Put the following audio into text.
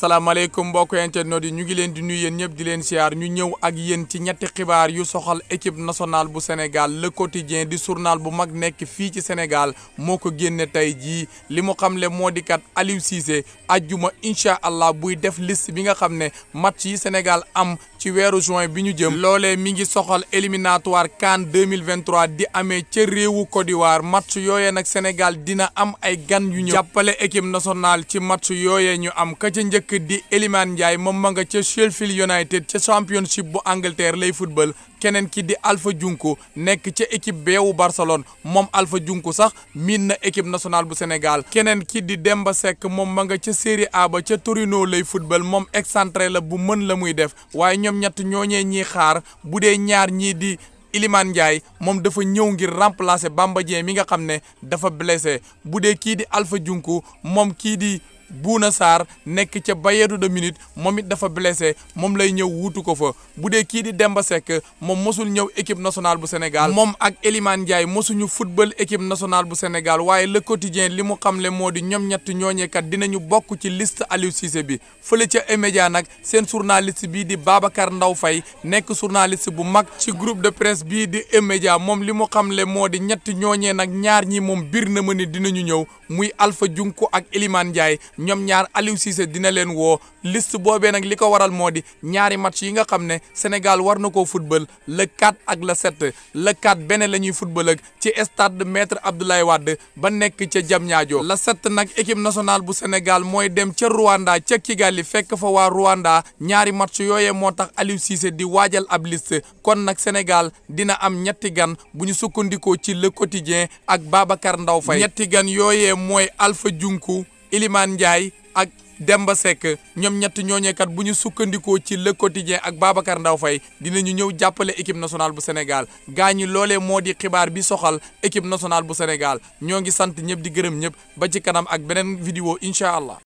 salaamaaleykum mbokk internet yi ñu ngi leen di nuyu yéen ñëpp di leen siyaar ñu ñëw ak yéen ci ñetti xibaar yu soxal équipe national bu Sénégal le quotidien di journal bu mag nekk fii ci Sénégal moo ko génne tey jii li mu xam xamle moo di kat Aliou Cissé ajjuma incha allah buy def liste bi nga xam ne match yi Sénégal am ci weeru juin bi ñu jëm. loolee mi ngi soxal éliminatoire CAN 2023 di amee ca réewu Côte d'Ivoire match yooyee nag Sénégal dina am ay gan yu ñëw jàppale équipe nationale ci match yooyee ñu am ka njëkk nekk di Ndiaye moom ma nga ca Sheffield United ca championship bu Angleterre lay football keneen kii di Alpha Junko nekk ca équipe beewu Barcelone moom Alpha Junko sax miin na équipe nationale bu Sénégal keneen ki di Demba Seck moom ma nga ca Serie A ba ca Torino lay football moom excentré la bu mën la muy def waaye ñoom ñett ñooñee ñiy xaar bu dee ñaar ñii di Iliman Ndiaye moom dafa ñëw ngir remplacer Bamba Dieng mi nga xam ne dafa blessé bu dee kii di alfa Junko moom kii di Bouna Sarr nekk ca Bayero de Munich moom it dafa blessé moom lay ñëw wuutu ko fa bu dee kii di Demba Seck moom mosul ñëw équipe national bu Sénégal moom ak Elimane Ndiaye mosuñu football équipe national bu Sénégal waaye le quotidien li mu xam xamle moo di ñoom ñett ñooñeekat dinañu bokk ci list Aliou bi fële ca eMédia nag seen journaliste bii di Babacar Ndaw fay nekk journaliste bu mag ci groupe de presse bii di eMédia moom li mu xam xamle moo di ñetti ñooñee nag ñaar ñi moom bir na ma ne dinañu ñëw muy Alpha Junko ak Elimane Ndiaye ñoom ñaar Aliou Cissé dina leen woo list boobee nag li ko waral moo di ñaari match yi nga xam ne Sénégal war na koo football le 4 ak le 7 le 4 benn la ñuy football ak ci stade maître Abdoulaye Wade ba nekk ca jam Diamniadio la set nag équipe nationale bu Sénégal mooy dem ca Rwanda ca Kigali fekk fa waa Rwanda ñaari match yooyee moo tax Aliou Cissé di waajal ab liste kon nag Sénégal dina am ñetti gan bu ñu sukkandikoo ci le quotidien ak Babacar Ndaw fa ñetti gan yooyee mooy Alpha Junku Ilimaan Ndiaye ak Demba Seck ñoom ñett ñooñeekat bu ñu sukkandikoo ci le quotidien ak Babacar Ndaw Faye dinañu ñëw jàppale équipe national bu Sénégal gaa ñi loole moo di xibaar bi soxal équipe national bu Sénégal ñoo ngi sant ñëpp di gërëm ñëpp ba ci kanam ak beneen vidéo incha allah.